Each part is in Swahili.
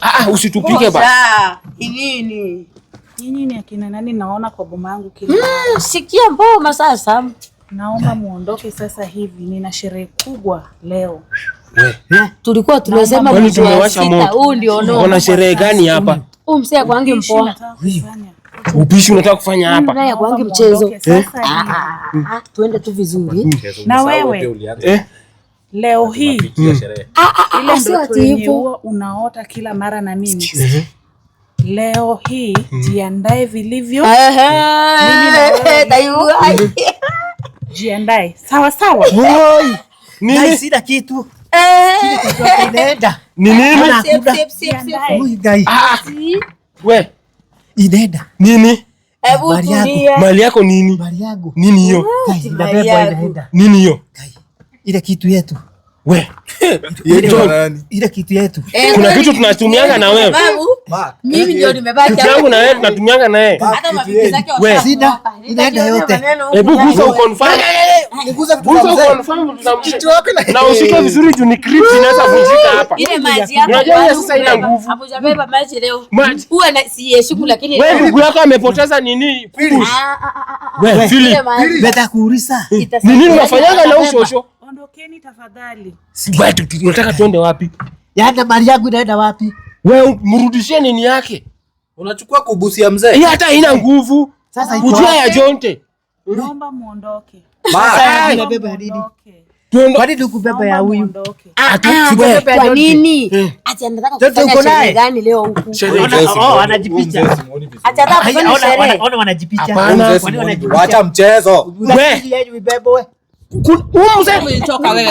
Ah, ah Usitupike ba. Ni nini? Ni nini akina nani naona kwa boma yangu kile? Mm, sikia mboma sasa. Naomba muondoke sasa hivi, nina sherehe kubwa leo. We, ah, tulikuwa tunasema tumesema huu ndio ndio. Kuna sherehe gani hapa? Huu msee akwangi mpoa. Upishi unataka kufanya hmm, hapa? Naye akwangi mchezo. Eh? Ah, ah, ah, Tuende tu vizuri. Na wewe. Eh? leo hii mm. hiiileatiivo ah, ah, ah, unaota kila mara na mimi leo hii mm. jiandae vilivyo, jiandae sawa sawa. sida kitu inenda nini? Mali yako nini? Mali yako nini hiyo? Nini hiyo? ile kitu yetu we ile kitu yetu, eh, kuna kitu tunatumianga na wewe, mimi ndio nimebaki yangu na wewe tunatumianga na wewe, sida inaenda yote. Hebu gusa uconfirm, gusa uconfirm na na usike vizuri juu ni clip inaweza kuvunjika hapa. Ile maji yako unajua sasa ina nguvu, hapo jabeba maji leo huwa na si siheshimu, lakini wewe ndugu yako amepoteza nini? Ah, ah, ah, wewe Philip, beta ni nini unafanyaga na ushosho Niwekeni tafadhali. Tunataka tuende wapi? Yaani mali yangu inaenda wapi? Wewe mrudishie nini yake? Unachukua kubusia mzee. Hii hata haina nguvu. Sasa kujua ya Jonte. Naomba muondoke. Sasa tunabeba nini? ya huyu? Ah, ah, ya nini? Eh. Ati anataka kufanya gani leo huku? Oh, wacha mchezo. Wewe, yaani wewe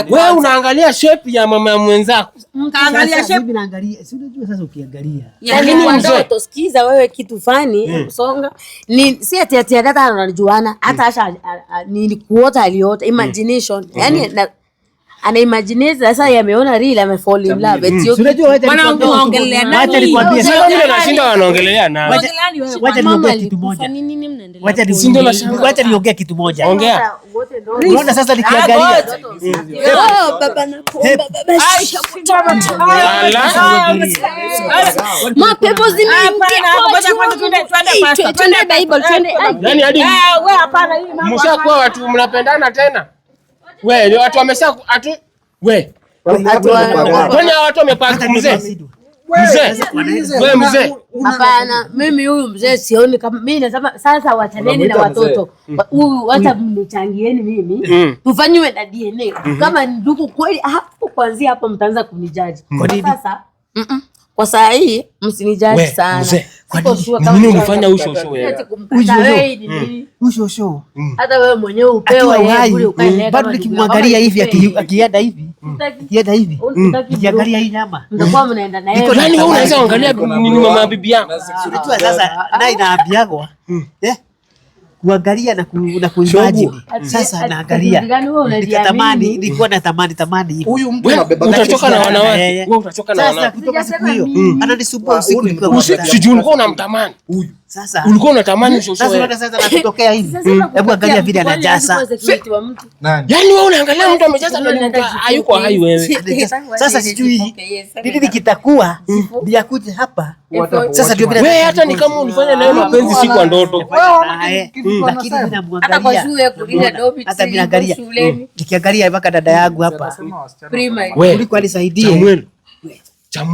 wewe unaangalia shape ya mama mwenzako. Utasikiza yaani wewe kitu fani kusonga hmm. ni si ati ati hata anajuana hata hmm. kuota aliota imagination. Hmm. Yaani anaimagineza sasa, yameona real, amefall in love wacha niongee kitu moja, Ongea unaona, sasa ah, nikiangalia mm. baba na kuomba mapepo zimeingia. mshakuwa watu mnapendana tena wewe watu wamesha atu wewe. Kwani watu wamepaka mzee? Mzee, mzee. Hapana, mimi huyu mzee sioni kama mimi nasema sasa wachaneni na watoto. Huyu wacha mnichangieni mimi. Mm. Tufanyiwe na DNA. Mhm. Kama ndugu kweli hapo kuanzia hapo mtaanza kunijaji. Sasa. Kwa saa hii msinijali sana. Nini unafanya mm. mm. Hata wewe mwenyewe mm. Bado nikimwangalia hivi akienda hivi. Akienda hivi. hii nyama. mnaenda na yeye. unaweza angalia mama bibi Sasa ah. naye Eh? kuangalia na, ku, na kuimagine. Sasa naangalia nikatamani, nilikuwa na tamani tamani hivi, huyu mtu utachoka na wanawake, eh, eh. wewe utachoka na wanawake. Sasa kutoka siku hiyo ananisumbua usiku, sijui ulikuwa unamtamani huyu sasa ulikuwa unatamani natokea hivi. Hebu angalia vile anajaza. Yaani wewe unaangalia mtu amejaza na mtu hayuko hai wewe. Sasa sijui nini kitakuwa ya kuja hapa. Sasa ndio bila wewe hata ni kama ulifanya nayo mapenzi si kwa ndoto. Lakini hata kwa shule kulinda dobi hata bila angalia. Nikiangalia mpaka dada yangu hapa. Kuliko alisaidie. Ah,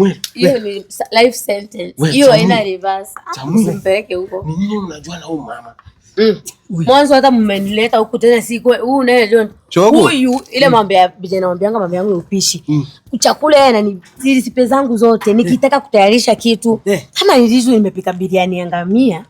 mm. mwanzo, hata mmenileta huku tena, huyu ile mm. mambo ya vijana wambianga, mama yangu ya upishi mm. chakula ananizidi sipe zangu zote. Eh. Nikitaka kutayarisha kitu eh. kama nilivyo, nimepika biriani ya ngamia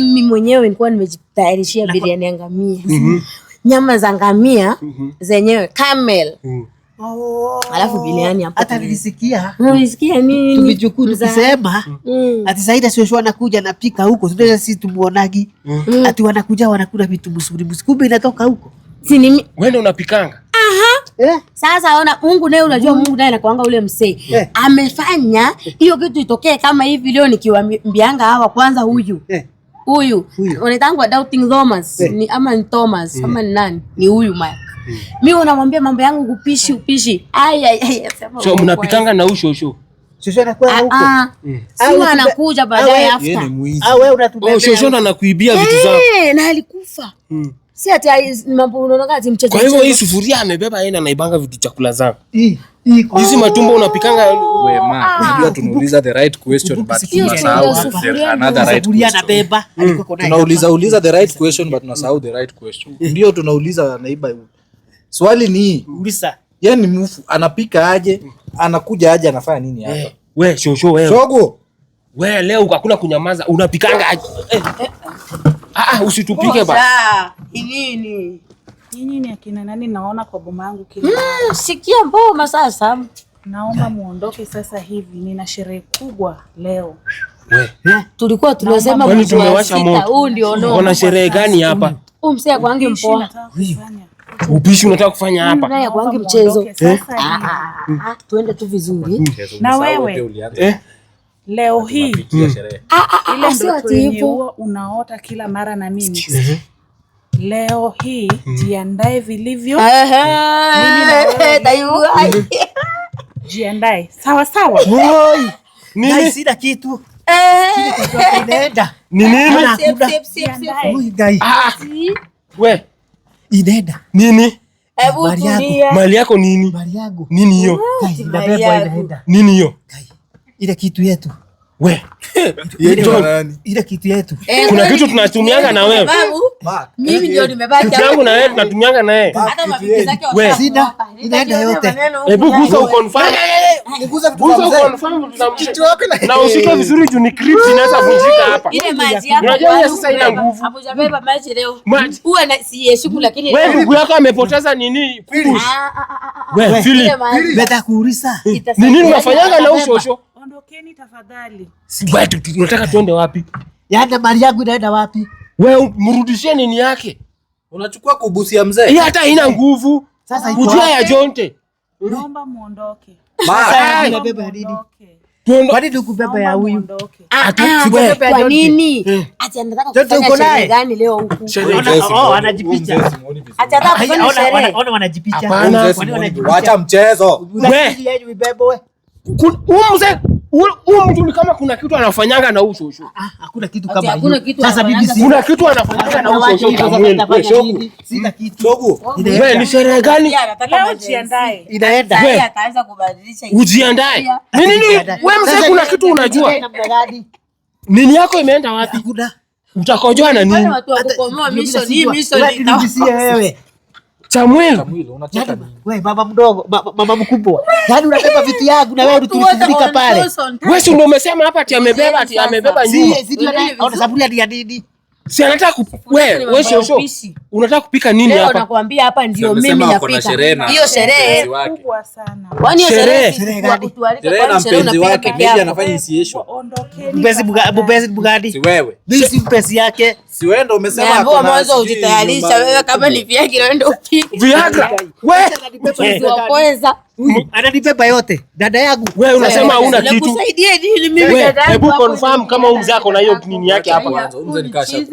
mimi mwenyewe nilikuwa nimejitayarishia biriani ya ngamia mhm nyama za ngamia mm -hmm. zenyewe camel mm. Oh, alafu biliani hapo hata nilisikia. Nilisikia nini? Tumejukuru kusema. mm. ati Saida sio shua anakuja pika huko. Tunaweza sisi tumuonagi. Mm. mm. Ati wanakuja wanakula vitu msuri msuri. Kumbe inatoka huko. Si ni wewe unapikanga. Aha. Yeah. Sasa ona Mungu naye unajua Mungu naye anakuanga ule msee. Yeah. Amefanya hiyo kitu itokee kama hivi leo nikiwaambianga hawa kwanza huyu. Yeah huyu unaitaangwa doubting Thomas eh, ni ama ni Thomas mm, ama ni nani? Ni huyu Mike mm. Eh. Mimi unamwambia mambo yangu kupishi upishi. Ai ai ai, sema so mnapitanga na usho usho ah, ah. Eh. anakuja baadaye wewe unatubebea. Oh, anakuibia vitu zako. Eh, na alikufa. Hmm. Si ati mambo unaona ati mchezo. Kwa hivyo hii sufuria amebeba yeye na naibanga vitu chakula zangu. Hii hizi matumbo unapikanga wewe ma. Ah. Unajua tunauliza the right question but tunasahau another right question. Anabeba mm. alikuwa nayo. Tunauliza uliza the right question but tunasahau the right question. Ndio tunauliza naiba huko. Swali ni uliza. Yeye ni mufu anapika aje? Anakuja aje anafanya nini hapa? Wewe eh. shosho wewe. Shogo. Wewe leo ukakula kunyamaza unapikanga aje? Eh, eh. Ah, ah usitupike ba. Ni nini? Ni nini akina nani naona kwa boma yangu kila. Mm, sikia boma sasa. Naomba muondoke sasa hivi, nina sherehe kubwa leo. We, tulikuwa tunasema kwa yaani sita huu ndio ndio. Kuna sherehe gani hapa? Huu msee akwangi mpoa. Upishi unataka kufanya hapa? Naye akwangi mchezo. Eh? Ah, ah, tuende tu vizuri. Na wewe. Eh? leo hii mm. ah, ah, ah, ile ndoto yenye huwa unaota kila mara na mimi mm-hmm. leo hii mm. jiandae vilivyo, jiandae sawa sawa. Sina kitu inenda nini? Mali yako nini? Mali yangu nini hiyo? Nini hiyo? ile kitu yetu we ile kitu yetu, eh, kuna kitu tunatumianga na wewe, mimi ndio nimebaki yangu na wewe tunatumianga na yeye, wewe sina inaenda yote. Hebu gusa uconfirm, gusa uconfirm, kitu yako na ushike vizuri juu ni clips inaweza vunjika hapa. Ile maji yako unajua sasa ina nguvu, hapo amejabeba maji leo, huwa na si yeshuku lakini wewe ndugu yako amepoteza nini? Ah, ah, ah, wewe fili kuuliza ni nini, unafanyaga na ushosho ondokeni tafadhali. Unataka tuende wapi? Yaani mali yangu inaenda wapi? Wewe mrudishie nini yake? Unachukua kubusia mzee. Hii hata haina nguvu. Sasa iko kujua ya Jonte. Naomba muondoke. Tunabeba nini? nini ya huyu? Ah, ah nini? Eh. anataka kufanya gani leo huku? Oh, anajipicha. anataka kufanya wanajipicha. wacha mchezo. Wewe, huyu mzee Huyu mtu kama kuna kitu anafanyanga na uso uso. Ah, ah, hakuna kitu kama hiyo. Sasa bibi kuna kitu anafanyanga na uso uso. Sina kitu. Wewe ni sherehe gani? Inaenda. Wewe ataanza kubadilisha. Ujiandae. Ni nini? Wewe mzee kuna kitu unajua. Nini yako imeenda wapi? Utakojoa na nini? Watu wa kukomoa mission hii mission ni wewe. Wewe yaani, baba mdogo, baba mkubwa. Yaani unabeba vitu yangu na wewe tulizindika pale. Wewe ndio umesema hapa ati amebeba ati amebeba nyumba. Sababu ya nini? Si anataka wewe unataka kupika nini hapa? Leo nakwambia hapa ndio mimi napika. Hiyo sherehe kubwa sana. Kwani hiyo sherehe sherehe na mpenzi wake mimi anafanya isiisho. Mpenzi mpenzi Bugadi. Si wewe. Bisi mpenzi yake. Si wewe ndio umesema hapo. mwanzo ujitayarisha wewe kama ni viagra ndio ukiki. Viagra. Wewe kwanza. Ananipepa yote dada yangu. Wewe unasema huna kitu. Hebu confirm kama mzee ako na hiyo nini yake hapa. mzee nikasha.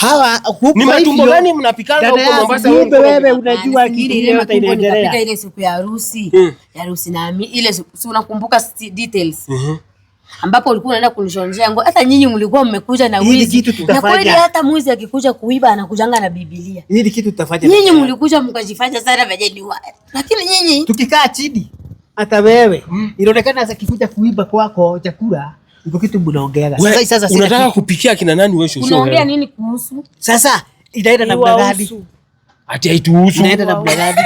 Hawa huko ni matumbo gani mnapikana huko Mombasa? Kumbe wewe unajua kile ile hata inaendelea. Ile siku ya harusi, hmm. ya harusi na mimi ile si unakumbuka details. Mhm. Ambapo ulikuwa unaenda kunishonjea nguo. Hata nyinyi mlikuwa mmekuja na wizi. kitu tutafanya. Na kweli hata mwizi akikuja kuiba anakujanga na Biblia. Hili kitu tutafanya. Nyinyi mlikuja mkajifanya sana vijeni. Lakini nyinyi tukikaa chini hata wewe hmm. inaonekana sasa kikuja kuiba kwako chakula Niko kitu bunaongeaga. Sasa sasa unataka kupikia kina nani wewe shosho? Unaongea nini kuhusu? Sasa inaenda na Bradadi. Ati haituhusu. Inaenda na Bradadi.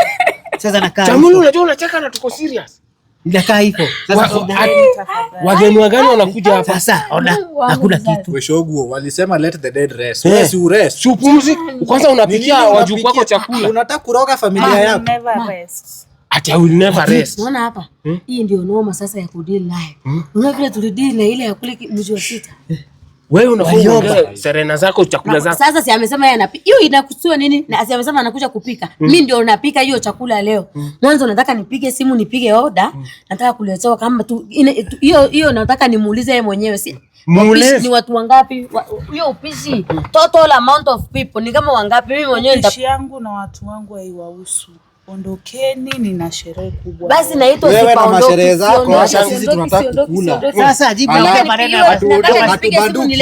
Sasa nakaa. Jamani unajua unacheka na tuko serious. Nakaa hivyo. Sasa wageni wangani wanakuja hapa. Sasa ona hakuna kitu. Wewe shoguo walisema let the dead rest. Wewe eh. si urest. Chupumzi. Kwanza unapikia wajukuu wako chakula. Unataka kuroga familia ah, yako. Never rest. Ati I will never rest. Unaona hapa? Hmm? Hii ndio noma sasa ya ku deal naye. Hmm? Unaona vile tulideal na ile ya kule mwezi wa sita. Eh. Wewe unafunga serena zako chakula zako. Sasa si amesema yeye anapika. Hiyo inakusua nini? Na si amesema anakuja kupika. Mimi hmm. ndio napika hiyo chakula leo. Mwanzo nataka nipige simu nipige order. Nataka kuletewa kama tu hiyo hiyo nataka nimuulize yeye mwenyewe si. Muulize ni watu wangapi? Hiyo wa, upishi total amount of people ni kama wangapi? Mimi mwenyewe nitapishi yangu na watu wangu haiwahusu. wa Ondokeni, nina sherehe kubwa. Basi naitwa na sherehe zako, acha sisi tunataka kula. Sasa jibu la maneno ya watu wote,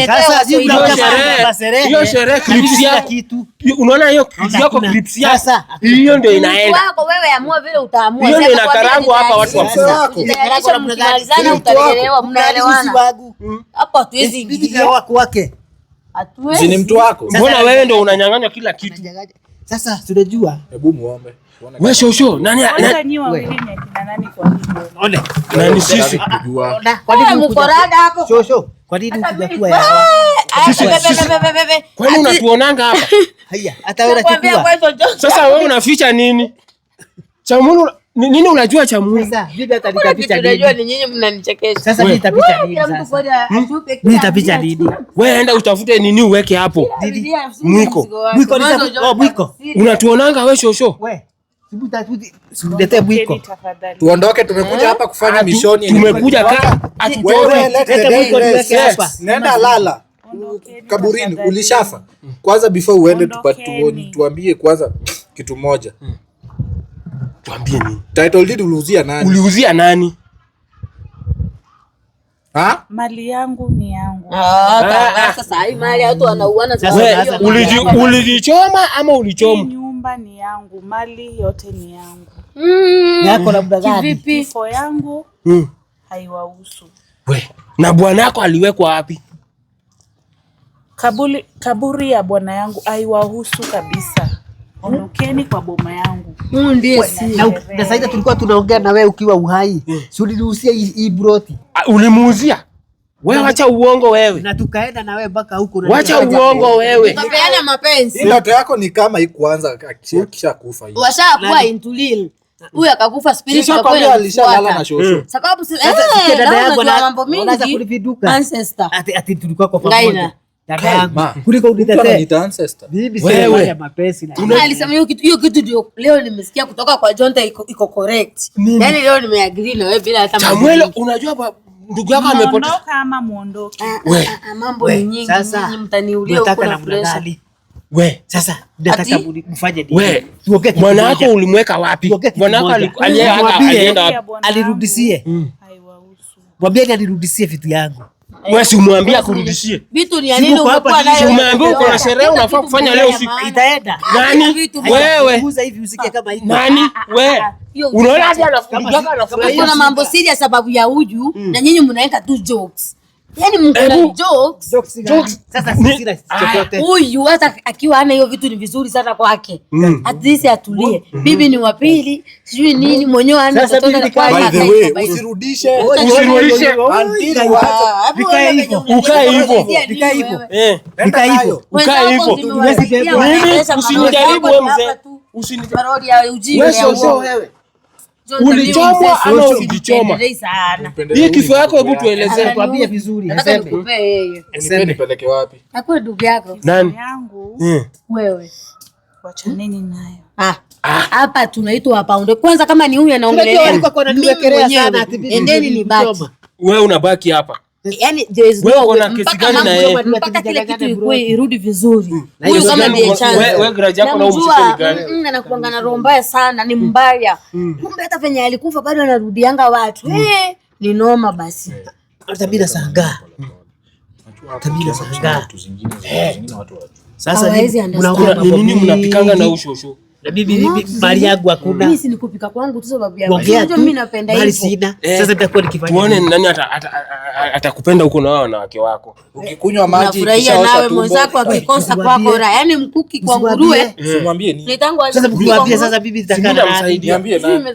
sasa jibu la sherehe. Hiyo sherehe clips ya kitu. Unaona hiyo clips yako clips ya sasa. Hiyo ndio inaenda. Wako wewe amua vile utaamua. Hiyo ndio inakarangwa hapa watu wa wamsema. Inakarangwa na mnazalizana, utaelewa, mnaelewana. Hmm. Hapa tuwezi ingilia wako wake. Hatuwezi. Si ni mtu wako. Mbona wewe ndio unanyang'anya kila kitu? Sasa tunajua. Hebu muombe. Wewe show show. nani? Nani Ole. nani? Sisi tunajua. Kwa nini mkorada hapo? Show show. kwa nini unakuwa hapa? Eh, eh, eh, kwa nini unatuonanga hapa? Haya, hata wewe unachukua. Sasa wewe unaficha nini? Chamulu nini unajua cha Mungu? Sasa bibi atalipita Unajua ni nyinyi mnanichekesha. Sasa Mimi Wewe hmm? enda utafute nini uweke hapo. Mwiko. Mwiko ni oh mwiko. Unatuonanga wewe shosho. Wewe. Tuletee mwiko. Tuondoke tumekuja eh? hapa kufanya mishoni. Tumekuja kaa atutoe. mwiko hapa. Nenda lala. Kaburini ulishafa. Kwanza before uende tuambie kwanza kitu moja. Hmm. Tuambie ni Title deed uliuzia nani? Uliuzia nani? Ha? Mali yangu ni yangu. Ah, ah, ah. sasa hii mali watu wanauana sasa. Uliji Ulijichoma ama ulichoma? Nyumba ni yangu, mali yote ni yangu. Mm. Yako na labda gani? Kifo yangu mm. haiwahusu. We, na bwana yako aliwekwa wapi? Kaburi, kaburi ya bwana yangu haiwahusu kabisa ondokeni kwa boma yangu. Huyu ndiye na Saida tulikuwa tunaongea na wewe ukiwa uhai. Si uliruhusia hii broti? Ah, ulimuuzia? Wewe wacha uongo wewe. Na tukaenda na wewe mpaka huko na wacha uongo wewe. Tukapeana mapenzi. Ndoto yako ni kama ikuanza kisha kufa hiyo. Washakuwa intulil. Huyu akakufa spirit kwa kweli. kwa Alishalala na shosho. Eh. Sababu eh, dada yako na mambo mengi. Ancestor. Ati tulikuwa kwa pamoja hiyo kitu ndio leo nimesikia kutoka kwa Jonta, iko correct. Yaani leo nimeagree na wewe bila hata Samuel, unajua ndugu yako muondoke. Ah, ah, ah, mambo ni nyingi, mtaniulia We sasa, nataka mfanye nini? Mwanako ulimweka wapi? Mwanako alienda mm. vitu yangu Eh, Wewe si umwambia kurudishie. Vitu ni nini unakuwa nayo? Umeambiwa uko na sherehe unafaa kufanya leo usiku. Itaenda. Nani? Wewe. Nani? Ah, ah, Wewe. Ah, Unaona hadi anafurahi. Kuna mambo serious sababu ya uju mm. na nyinyi mnaweka tu jokes. Yaani jokes. Jokes. Sasa chochote. Huyu hata akiwa ana hiyo vitu ni vizuri sana kwake. Mm. At least atulie. Mm. Mm. Bibi ni wa pili, sijui nini mwenyewe ana mtoto na kwa by the way oh, usirudishe usirudishe ukae hivyo. Ukae hivyo. Ukae hivyo. Ukae hivyo. Ukae hivyo. Mimi usinijaribu wewe mzee. Usinijaribu. ujinga wewe. Ulichomwa ama ulijichoma? Hii kifo yako, hebu tueleze, tuambie vizuri. Nipeleke wapi? Akuwe ndugu yako. Nani? Yangu. Eh. Wewe. Wacha hmm? nini nayo. Ah. ah. Hapa tunaitwa hapa unde. Kwanza kama ni huyu anaongelea, endeni ni baki. Wewe unabaki hapa. Yani there is no way mpaka irudi vizuri. Mm. Huyu na mm, mm, Anakuanga na roho mbaya sana, ni mbaya. Kumbe hata venye alikufa bado anarudianga watu. Eh, ni noma basi. Tabila sangaa. Tabila sangaa. Sasa ni nini mnapikanga na ushosho? na mimi mimi mali yangu hakuna, mimi si nikupika kwangu tu sababu ya mimi napenda hivyo, mali sina. Eh, sasa nitakuwa nikifanya tuone nani atakupenda huko na wao na wake wako. Ukikunywa maji kisha nawe mwenzako akikosa kwako raha, yani mkuki kwa nguruwe. Simwambie eh. nini? Nitangu sasa mkiwaambia sasa bibi zitakana nani? Niambie nani?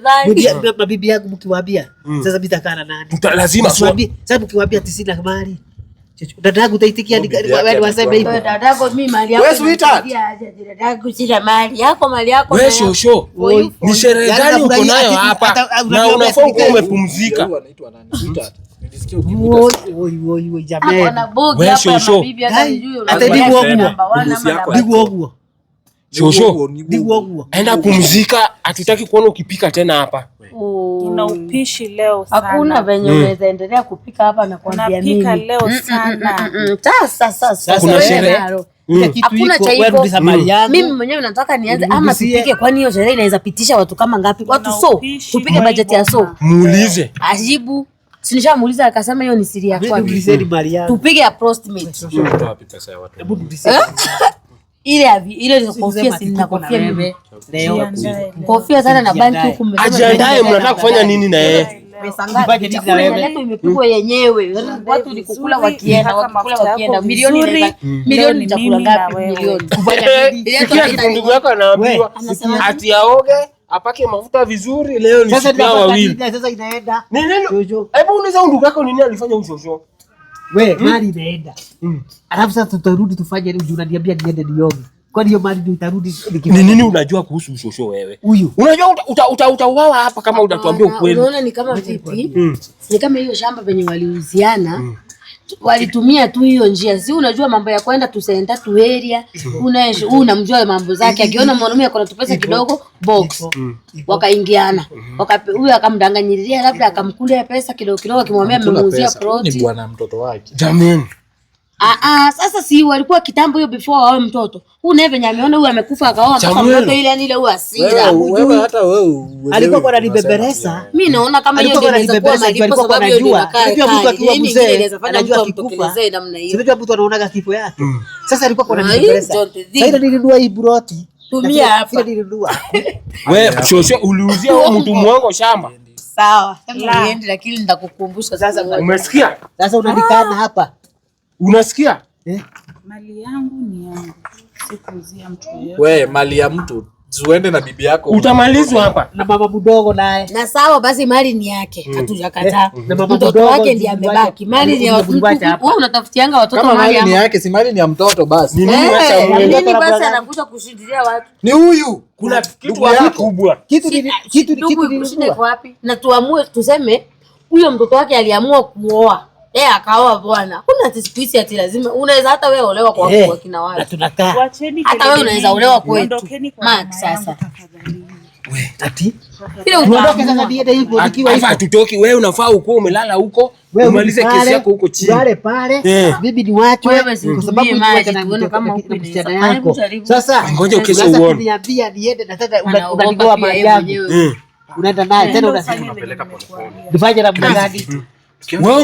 Bibi yangu mkiwaambia mm. sasa bibi zitakana nani? Lazima siwaambie, sababu mkiwaambia tisini na mali Dadako taitikia hadi Ni sherehe gani uko nayo hapa? Na unafaa uko umepumzika. Yaani anaitwa Shosho, enda pumzika, hatutaki kuona ukipika tena hapa. Una upishi leo sana. Hakuna venye unaweza endelea kupika hapa na kuambia mimi. Unapika leo sana. Sasa sasa. Kuna sherehe. Hakuna cha hivyo. Mimi mwenyewe nataka nianze ama tupike, kwani hiyo sherehe inaweza pitisha watu kama ngapi? Watu so tupike bajeti ya so. Muulize. Ajibu. Sinishamuuliza akasema hiyo ni siri yako. Tupige approximate. Hebu tupige kofia sana na banki huku, ajiandae. Mnataka kufanya nini na yeye? imepigwa yaani yenyewe, watu ni kukula wakienda, wakikula wakienda. Milioni milioni chakula ngapi? Milioni ndugu yako anaambiwa ati aoge apake mafuta vizuri. Leo ni siku ya wawili. Hebu unaweza ndugu yako nini alifanya ushosho We, hmm? mali Mm. Alafu sasa tutarudi tufanye nini? Unaniambia niende nioge. Kwa hiyo mali ndio itarudi. Ni nini unajua kuhusu ushosho wewe? Huyu. Unajua utauawa hapa kama utatuambia ukweli. Unaona ni kama vipi? Hmm. Ni kama hiyo shamba penye waliuziana hmm walitumia tu hiyo njia, si unajua mambo ya kwenda tusenda huyu unamjua mambo zake, akiona mwanaume akona tupesa kidogo box, wakaingiana mhm. huyo akamdanganyiria labda akamkulia pesa kidogo kidogo, akimwambia amemuuzia proti. Ni bwana mtoto wake jamani. Ah ah, sasa si walikuwa kitambo hiyo before wawe mtoto. Huu naye venye ameona huyu amekufa akaoa mtoto ile yani ile huyu asira. Wewe hata wewe alikuwa kwa nalibeberesa. Mimi naona kama hiyo ndio inaweza kuwa malipo sababu hiyo ndio mtu akiwa yaani, mzee Anajua kikufa. Sio mtu mtu anaona kifo yake. Mm. Sasa alikuwa kwa nalibeberesa. Sasa ile nilidua hii broti. Tumia hapa. Wewe sio sio uliuzia huyo mtu mwongo shamba. Sawa. Hebu niende lakini nitakukumbusha sasa. Umesikia? Sasa unanikana hapa. Unasikia? Eh? Mali yangu ni yangu. mtu Wewe mali ya mtu zuende na bibi yako. Utamalizwa hapa na baba mdogo naye. Na sawa basi mali ni yake. Mm. Hatujakataa. Mm. Na baba wake ndiye amebaki. Mali ni ya mtu. Wewe unatafutianga watoto mali. Kama mali ni yake, si mali ni ya mtoto basi. Ni nini eh, acha huyo? Nini basi anakuja kushindilia watu? Ni huyu. Kuna kitu kubwa. Kitu kitu kitu kitu Na tuamue tuseme huyo mtoto wake aliamua kuoa. Eh, akaoa bwana. Kuna ati ati lazima unaweza hata wewe olewa kwa eh, wakati kina wale. Na tunakaa. Hata wewe unaweza olewa kwetu. Mark sasa. Wewe ati ile uondoke sasa dieta hii ukiwa hivi. tutoki wewe unafaa ukuwa umelala huko, umalize kesi yako huko chini. Pale pale. Eh. Bibi ni wacho Wewe kwa sababu tunaona kama huko ni shida yako. Sasa ngoja kesho uone. Sasa Niambia niende na sasa unanigoa mali yangu. Unaenda naye eh, tena unasema. Unapeleka Nifanye na gani? Mm. Wewe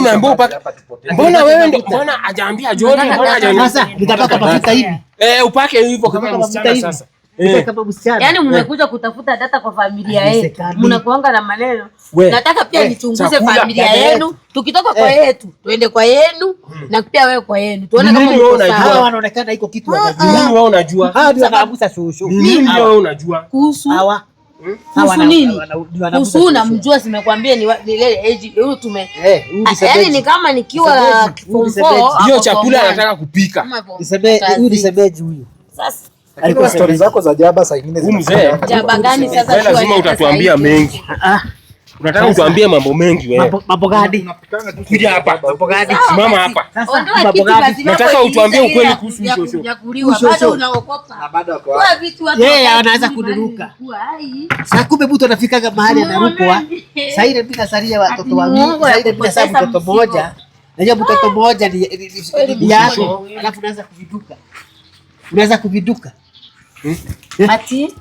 mbona wewe ndio mbona hajaambia John mbona hajaona sasa nitapaka mafuta hivi. Eh, upake hivyo kama msichana sasa. Eh. Yaani eh. mmekuja kutafuta data kwa familia yaani yetu Mnakuanga na maneno. Nataka pia nichunguze familia yenu. Tukitoka kwa eh. yetu, twende kwa yenu hmm. na pia wewe kwa yenu. Tuone kama wewe unajua. Hawa wanaonekana iko kitu ah, wajua. Mimi wewe unajua. Ah, hawa ndio wanagusa shushu. Mimi ndio wewe unajua. Kuhusu hawa kuhusu unamjua, simekwambia eh, ah, yaani ni kama nikiwa hiyo chakula anataka kupika stori zako za jaba, saa ingine jaba gani? Sasa lazima utatuambia mengi ah, ah. Unataka mambo mengi wewe. Mambo gani? Kuja hapa. Mambo gani? Simama hapa. Mambo gani? Nataka utuambie ukweli kuhusu hiyo Bado unaogopa. bado Kwa vitu watu. Yeye anaanza kuduruka. Saa kumbe mtu mahali anarukwa. Saa ile bila salia watoto wangu. Saa ile bila mtoto mmoja. Najua mtoto ah. mmoja ni yako. Alafu unaanza kuviduka. Unaanza kuviduka. Mati.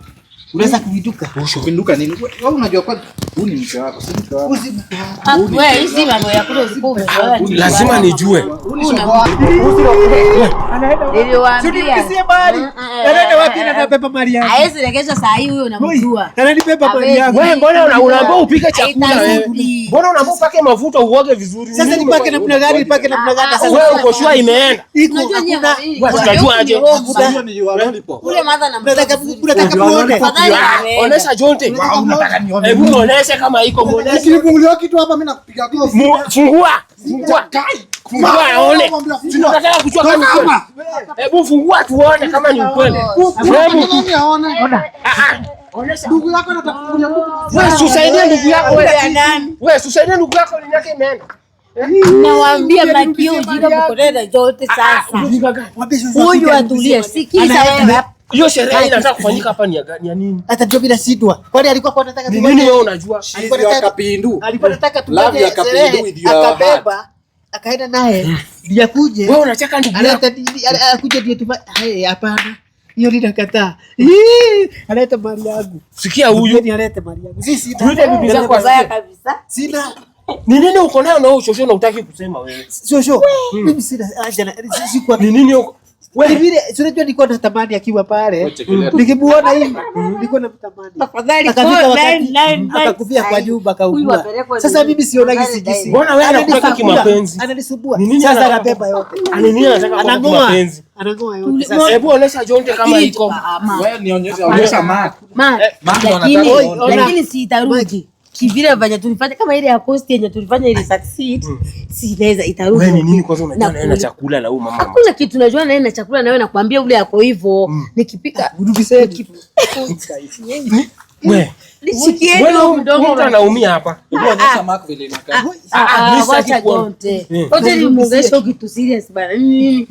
Unaweza kuvinduka. Ushuvinduka nini? Wewe unajua kwa huyu ni mke wako, si mke wako. Ah, wewe hizi mambo ya kule usipovu. Lazima nijue. Niliwaambia. Sisi Anaenda wapi na mali saa hii huyo unamjua. mali Wewe mbona unaambia upike chakula Mbona unaambia upake mafuta uoge vizuri? Sasa nipake namna gani? Nipake namna ah, gani? Ah, Sasa wewe uko shua imeenda. Unajua Ule madha na mtaka. Ah, onesha Jonte. Hebu muoneshe kama iko muoneshe. Nikifungulia kitu hapa mimi nakupiga kofi. Fungua. Fungua. Hebu fungua tuone kama ni kweli. Hebu aone. Ah, ah. Ndugu yako Wewe usisaidie ndugu yako yake imeenda. Nawaambia mnakiu ujinga mkorera yote sasa. Huyu atulie sikiza wewe. Hiyo sherehe inataka kufanyika hapa ni ya nini? Hata ndio bila sidwa. Kwani alikuwa kwa anataka tu. Mimi wewe unajua? Alikuwa anataka kapindu. Alikuwa hmm. anataka tu. Love ya kapindu with your Akabeba akaenda naye. Hmm. Ndio kuje. Wewe unachaka ndugu yako. kuje ndio tu. Hey, hapana. Hiyo ndio nakataa. Hmm. Aleta mali yangu. Sikia huyu. Ndio aleta mali yangu. Sisi sita. Yule bibi zako zaya kabisa. Sina. Ni nini uko nayo na huyo shosho na hutaki kusema wewe? Shosho. Mimi sina. Ni nini uko wengine sio tu nilikuwa natamani akiwa pale. Nikimuona hivi mm, nilikuwa natamani. Tafadhali akakufia kwa nyumba kaugua. Sasa mimi sionagi sijisi. Mbona wewe anakutaka kimapenzi? Ananisumbua. Sasa anabeba yote. Anania ah, anataka kwa mapenzi. yote. hebu onesha jonge kama iko. Ah, ah, wewe nionyesha onesha mark. Mark. Lakini sitarudi kivile vanya tulifanya kama ile ya cost yenye tulifanya ile succeed, mm. si sinaweza itarudi. Wewe ni nini kwanza unajua na na chakula na huyu mama? Hakuna kitu unajua na na chakula na wewe nakwambia ule yako hivyo. Mm. Nikipika ah, wewe nishikie wewe mdomo mtu anaumia hapa. Ah, unajua samaki ah. vile inakaa. Ah, ah, wacha konte. Wote ni mungesho kitu serious bana. Hai.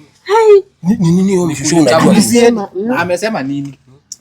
Ni nini wewe mshushu unajua? Mm. Amesema nini?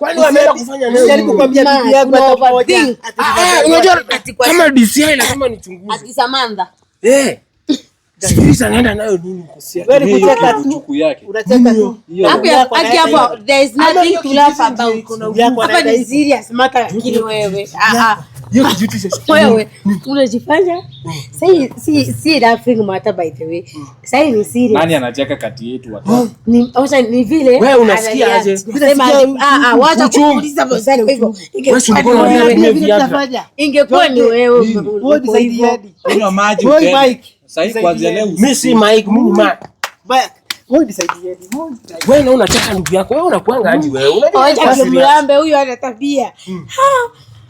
Kwani wameenda kufanya nini? Jaribu kuambia bibi yako atapotea. Ah, ah unajua kama DCI na kama nichunguze. Ati Samantha. Eh. Sikiliza naenda nayo nini kusia. Wewe unataka tu unataka tu. Hapo hapo there is nothing to laugh about. Hapa ni serious matter lakini wewe. Ah ah. Wewe unajifanya si rafiki by the way. Hmm. Sasa ni serious. Nani anacheka kati yetu watu? Hmm. Ni acha ni vile. Wewe unasikia aje? Sema ah ah, wacha kuuliza hivyo. Ingekuwa ni wewe maji. Sasa leo mimi si Mike, mimi Wewe unacheka ndugu yako. Wewe unakuanga wewe? Unajua mlambe huyu ana tabia. Hmm.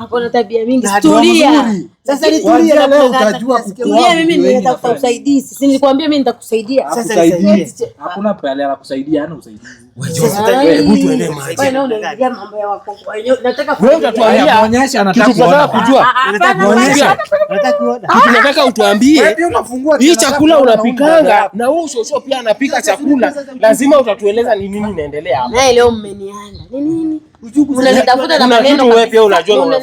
Hapo na tabia mingi. Historia. Sasa nitulie leo utajua kutulia. Mimi nilitafuta usaidizi. Sisi nilikwambia mimi nitakusaidia. Sasa nisaidie. Hakuna pale la kusaidia, ana usaidizi. Tunataka utuambie ah, ah, hii chakula unapikanga na huyu Shosho pia anapika chakula, lazima utatueleza ni nini inaendelea hapa. Leo mmeniana. Ni nini? Unanitafuta na maneno. Unajua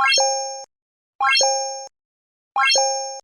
Thank you.